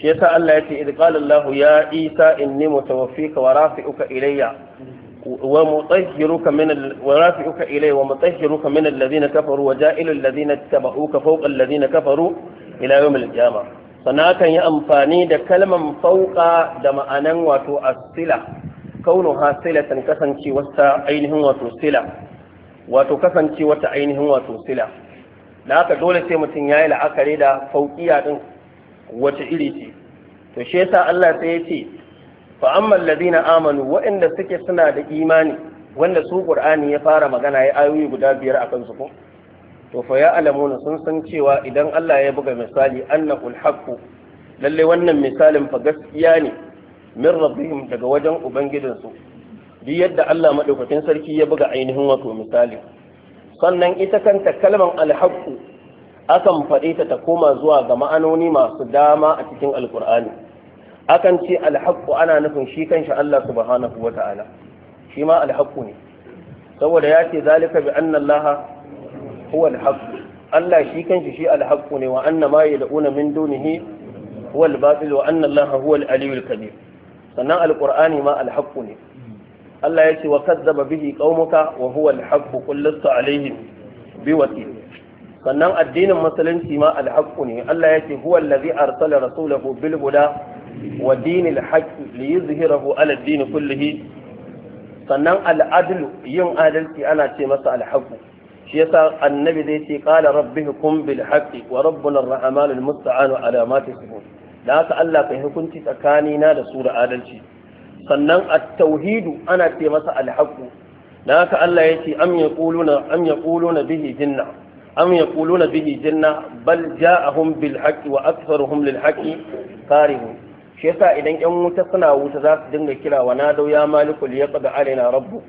shi yasa Allah ya ce idh qala Allah ya Isa inni mutawaffika wa rafi'uka ilayya ومطهرك من ورافعك إليه ومطهرك من الذين كفروا وجائل الذين اتبعوك فوق الذين كفروا إلى يوم القيامة sannan kan yi amfani da kalman fauka da ma'anan wato asila kaunu hasilatan kasance wata ainihin wato sila wato kasance wata ainihin wato sila da dole sai mutum ya yi la'akari da fauƙiya din wace iri ce to Allah sai ya ce fa amma ladina amanu waɗanda suke suna da imani wanda su qur'ani ya fara magana ya ayoyi guda biyar akan su ko to fa ya alamuna sun san cewa idan Allah ya buga misali Annakul haqqu lalle wannan misalin fa gaskiya ne min rabbihim daga wajen ubangijinsu bi yadda Allah madaukakin sarki ya buga ainihin wato misali sannan ita kanta kalmar haqqu akan faɗe ta ta koma zuwa ga ma'anoni masu dama a cikin alkur'ani akan ce alhaqqu ana nufin shi kanshi Allah subhanahu Ta'ala shi ma alhaqqu ne saboda ya ce zalika bi anna Allah huwa alhaqqu Allah shi kanshi shi alhaqqu ne wa anna ma yad'una min dunihi huwa albatil wa anna Allah huwa aliyul kabir sannan alqur'ani ma alhaqqu ne Allah ya ce wa kazzaba bihi qaumuka wa huwa alhaqqu qul lastu bi biwakil sannan addinin musulunci ma alhaqqu ne Allah ya ce huwa allazi arsala rasulahu bil huda wa dinil haqqi li yuzhirahu ala kullihi sannan al yin adalci ana ce masa shi yasa annabi zai ce qala rabbihukum bil haqqi wa rabbuna ar-rahman al-musta'an ala ma tasifun da haka Allah kai hukunci tsakanina da su da adalci sannan at-tauhidu ana ce masa al-haqqu da haka Allah ya am yaquluna am yaquluna bihi jinna am yaquluna bihi jinna bal ja'ahum bil haqqi wa aktharuhum lil haqqi karihun shi yasa idan yan wuta suna wuta za su dinga kira wa nado ya maliku li yaqda alaina rabbu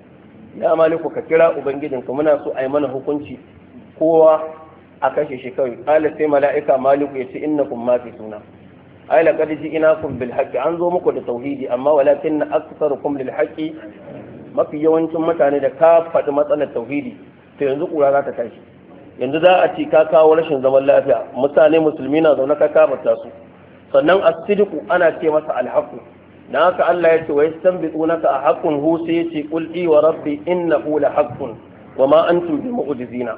ya maliku ka kira ka muna so a yi mana hukunci kowa a kashe shi kawai qala sai mala'ika maliku ce innakum ma fi suna ai laqad ji'nakum bil haqqi an zo muku da tauhidi amma walakin aktsarukum lil haqqi mafi yawancin mutane da ka faɗi matsalar tauhidi to yanzu kura za ta tashi yanzu za a ci ka kawo rashin zaman lafiya mutane musulmi na zaune ka kafarta su sannan as ana ce masa al Na haka Allah yace wa yastanbitunaka a haqqun hu sai yace qul i wa rabbi innahu la haqqun wa ma antum bi mu'jizina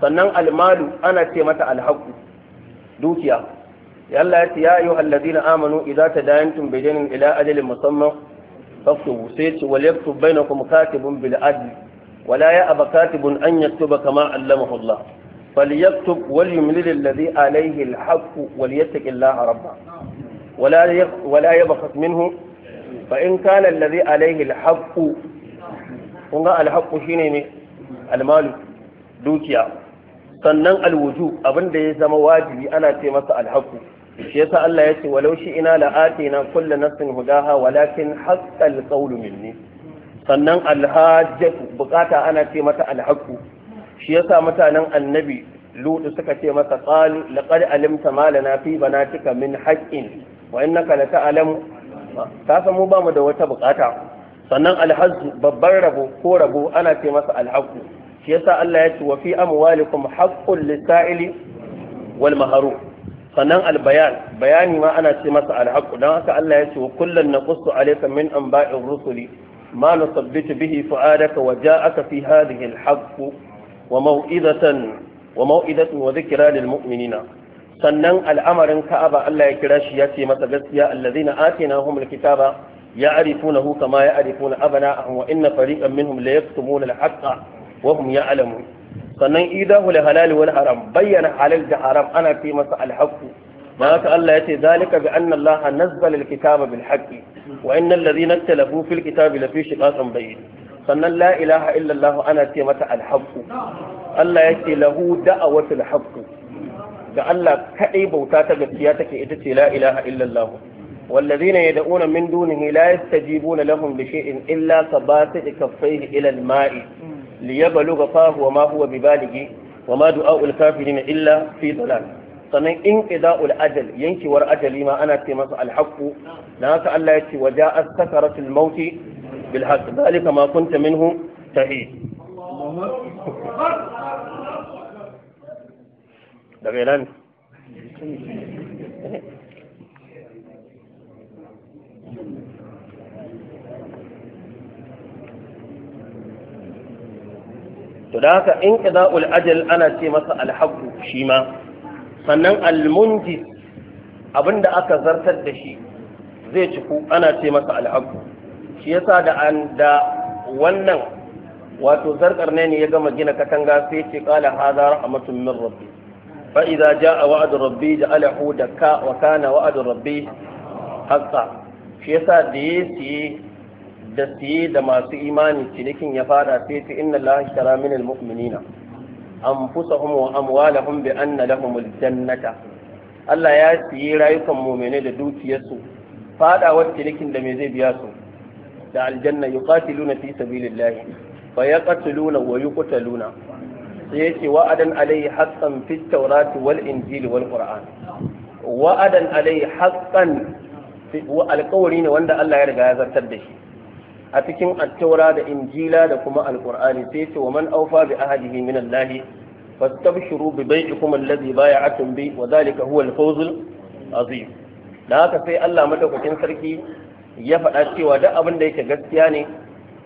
sannan almalu ana ce mata al dukiya. dukiya ya Allah yace ya ayyuhal ladina amanu idza tadayantum bidainin ila ajalin musamman faktubu sai yace wal yaktub bainakum katibun bil adl ولا يأب كاتب أن يكتب كما علمه الله فليكتب وليملل الذي عليه الحق وليتق الله ربه ولا ولا يبخس منه فإن كان الذي عليه الحق kunga shine ne almalu dukiya sannan alwuju abin da ya zama wajibi ana ce masa alhaku shi yasa Allah ya ce walau shi ina la'atina kullu nafsin hudaha walakin haqqal qawlu minni sannan alhajjatu bukata ana ce mata alhaku shi yasa mutanen annabi lutu suka ce masa qalu laqad alimta ma lana fi banatika min haƙƙin, wa innaka la ta'lamu ka san mu ba mu da wata buƙata. sannan alhazzu babban rabo ko rabo ana ce masa alhaqqu shi yasa Allah ya ce wa fi amwalikum haqqul lisa'ili wal mahrum sannan albayan bayani ma ana ce masa alhaqu dan haka Allah ya ce wa kullun naqussu alayka min anba'ir rusuli ma nusabbitu bihi fu'adaka wa ja'aka fi hadhihi alhaq وموئذة وموئذة وذكرى muminina sannan al'amarin ka'aba Allah ya kira shi ya ce masa gaskiya allazina atinahum alkitaba ya'rifunahu kama ya'rifuna abana'ahum wa inna fariqan minhum la yaktumuna alhaqqa wa hum ya'lamun sannan idahu halal wal haram bayyana halal da haram ana ce masa alhaqqu ma haka Allah ya ce zalika bi anna Allah nazzala alkitaba bil haqqi wa inna allazina ikhtalafu fil kitabi la fi shiqaqin sannan la ilaha illallah ana ce mata alhaqqu Allah yake lahu da'awatul haqqu ga Allah kadai bauta ta gaskiya take ita ce la ilaha illallah والذين يدعون من دونه لا يستجيبون لهم بشيء إلا كباسط كفيه إلى الماء ليبلغ فاه وما هو ببالغه وما دعاء الكافرين إلا في ضلال sannan in ƙida'ul ajal yankewar ajali ma ana ce masa alhaqqu na haka Allah ya ce waja as-sakaratul mauti بالحق ذلك ما كنت منه تحيد دقيقا تداك إن كذا الأجل أنا تيمس الحق شيما sannan almunji abinda aka zartar da shi zai ciku ana ce masa shi yasa da an da wannan wato zarkar ne ya gama gina katanga sai ce kala hadha rahmatun min rabbi fa idza jaa wa'du rabbi ja'alahu dakka wa kana wa'du rabbi haqqan shi yasa da yasi da siye da masu imani cinikin ya fada sai ce inna allaha shara min almu'minina anfusahum wa amwalahum bi anna lahumul jannata Allah ya siye rayukan mu'mine da dukiyarsu fada wacce cinikin da me zai biya su da aljanna yuqatiluna fi sabilillah fa yaqtuluna wa yuqtaluna sai yace wa'adan alayhi haqqan fit tawrat wal Injili, wal qur'an wa'adan alayhi haqqan alƙawari ne wanda Allah ya riga ya zartar da shi a cikin attaura da injila da kuma alƙur'ani sai ce wa man aufa bi ahadihi min Allah fastabshiru bi bai'ikum allazi bay'atum bi wa dhalika huwa al-fawzul azim da haka sai Allah madaukakin sarki ya faɗa cewa duk abin da yake gaskiya ne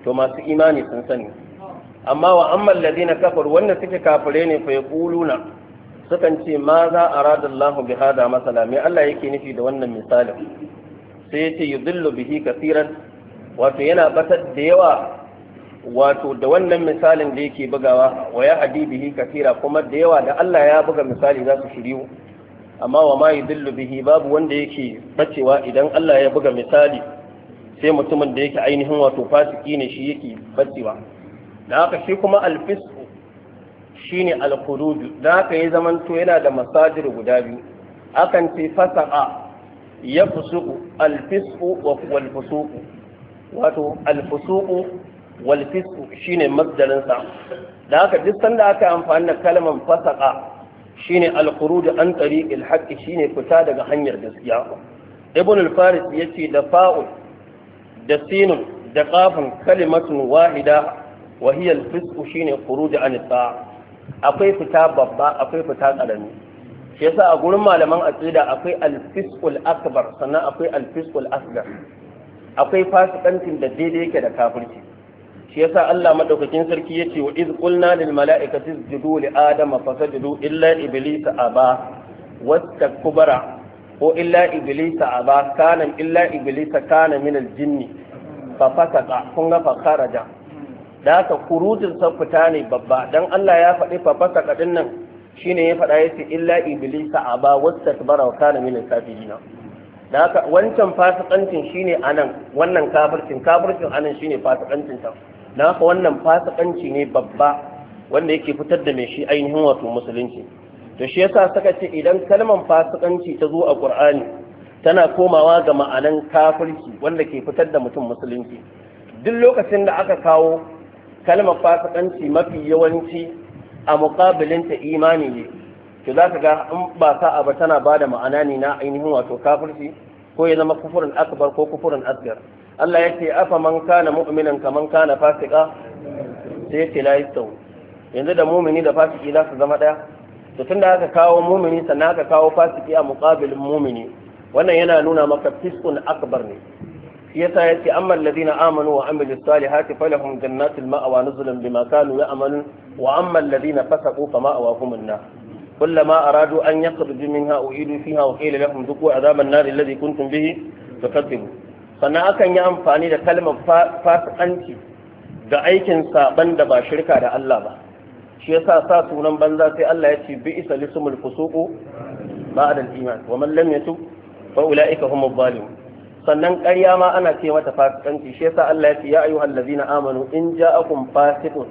to masu imani sun sani amma wa amman ladina kafar wanda suke kafire ne fa yaquluna sukan ce ma za arada Allahu bi hada masala me Allah yake nufi da wannan misalin sai yace yudillu bihi kaseeran wato yana batar da yawa wato da wannan misalin da yake bugawa wa ya hadi bihi kaseera kuma da yawa da Allah ya buga misali za su shiryu amma wa ma yudillu bihi babu wanda yake bacewa idan Allah ya buga misali sai mutumin da yake ainihin wato fasiki ne shi yake batsewa da haka shi kuma alfisku shi ne alkuruju da haka ya zamanto yana da masajir guda biyu akan ce fasa'a ya fusuku alfisku wal fusuku wato alfusuku wal fisku shine masdarinsa da haka duk sanda aka amfani da kalmar fasaqa shine al-khuruj an tariq shi ne fita daga hanyar gaskiya ibn al-faris yace da fa'ul da sinun da kafin kalimatun wahida wahiyar hiya shi ne kuru da anisa, akwai fita babba akwai fita ƙarami. shi yasa a gurin malaman aqida akwai al-fisqul akbar sannan akwai al-fisqul akwai fasikancin da daidai yake da kafirci shi yasa Allah madaukakin sarki yace wa iz qulna lil mala'ikati isjudu li adama fasajadu illa iblisa aba wastakbara ko illa iblisa aba kana illa iblisa kana min aljinni fa fasaka kun ga fa kharaja da ka kurutun sa fita ne babba dan Allah ya faɗi fa fasaka din nan shine ya faɗa yace illa iblisa aba wastakbara wa kana min alkafirin da haka wancan fasikancin shine anan wannan kafircin kafircin anan shine fasikancin ta da haka wannan fasikanci ne babba wanda yake fitar da mai shi ainihin wato musulunci to shi yasa suka ce idan kalmar fasikanci ta zo a Qur'ani tana komawa ga ma'anan kafirci wanda ke fitar da mutum musulunci duk lokacin da aka kawo kalmar fasikanci mafi yawanci a muƙabilin ta imani ne to za ka ga in ba sa'a ba tana ba da ma'ana ne na ainihin wato kafirci ko ya zama kufurin akbar ko kufurin asgar Allah ya ce afa man kana mu'minan kaman kana fasika sai ya ce la yastau yanzu da mumini da fasiki za su zama daya to tunda aka kawo mumini sannan aka kawo fasiki a muqabilin mumini wannan yana nuna maka fiskun akbar ne shi yasa yace amma alladhina amanu wa amilus salihati falahum jannatul ma'wa nuzulun bima kanu ya'malun wa amma alladhina fasaqu fa ma'wahum an-nar كلما أرادوا أن يخرجوا منها أعيدوا فيها وقيل لهم ذوقوا عذاب النار الذي كنتم به تكذبون sannan akan yi amfani da kalmar fasikanci da aikin saban da ba shirka da Allah ba shi yasa sa sunan banza sai Allah ya ce bi isa lisumul fusuqu ba'da al-iman wa man lam yatub fa ulaika humul zalimun sannan ƙarya ma ana ce mata fasikanci shi yasa Allah ya ce ya ayyuhal ladzina amanu in ja'akum fasiqun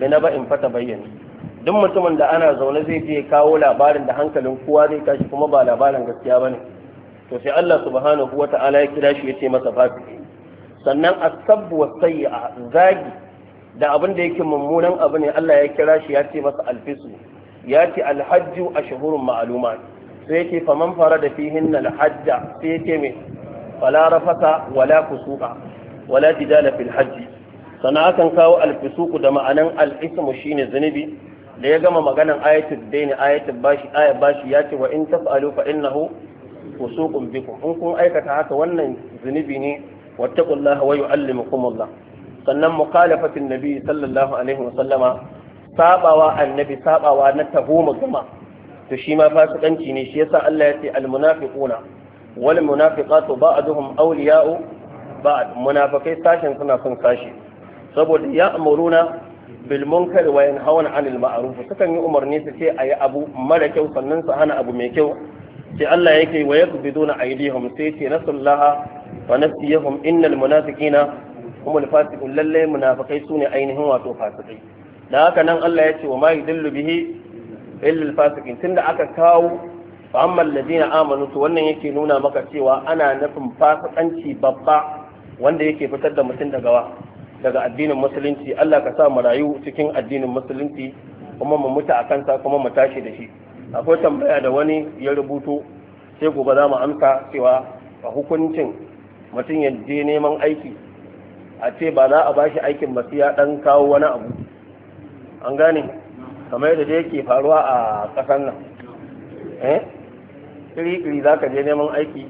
binaba'in fatabayyanu duk mutumin da ana zaune zai je kawo labarin da hankalin kowa zai tashi kuma ba labarin gaskiya bane to sai Allah subhanahu wata'ala ya kira shi ya ce masa fasiki sannan asabbu wasayya zagi da abin da yake mummunan abu ne Allah ya kira shi ya ce masa alfisu ya ce alhajju shahurun ma'luma sai yake faman fara da fihin alhajja sai yake mai falara fasa wala kusuka wala jidala fil hajji sana akan kawo alfisuku da ma'anan al'ismu shine zunubi da ya gama maganan ayatul daini ayatul bashi ayat bashi ya ce wa in taf'alu fa innahu fusuqun bikum in kun aikata haka wannan zunubi ne wattaqullaha wa yu'allimukumullah sannan mukhalafatin nabi sallallahu alaihi wa sallama sabawa annabi sabawa na tahuma gama to shi ma fasikanci ne shi yasa Allah ya ce al munafiquna wal munafiqatu ba'duhum awliya'u ba'd munafikai sashin suna son sashi saboda ya amuruna bil munkar wa yanhauna 'anil ma'ruf sukan yi umarni su ce ayi abu mara kyau sannan su hana abu mai kyau sai Allah yake wa yaqbiduna aydihum sai ce nasallaha wa nasiyahum innal munafiqina humul fasiqun lalle su sune ainihin wato fasikai dan haka nan Allah ya ce wa ma yudillu bihi illa al-fasiqin tunda aka kawo fa ammal ladina amanu to wannan yake nuna maka cewa ana nufin fasikanci babba wanda yake fitar da mutum daga wa daga addinin musulunci Allah ka sa mu rayu cikin addinin musulunci kuma mu mutu a kansa kuma mu tashi da shi akwai tambaya da wani ya rubuto sai gobe za mu amsa cewa a hukuncin mutum ya je neman aiki a ce ba za a bashi aikin ba sai ya dan kawo wani abu an gane kamar yadda dai yake faruwa a ƙasar nan eh iri-iri za ka je neman aiki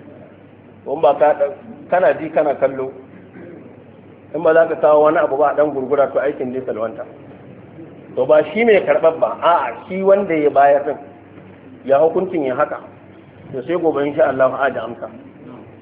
in ba kana ji kana kallo in ba za ka kawo wani abu ba a dan gurgura to aikin ne salwanta to ba shi mai karɓar ba a'a shi wanda ya bayar din ya hukuncin ya haka to sai gobe insha Allah a da amsa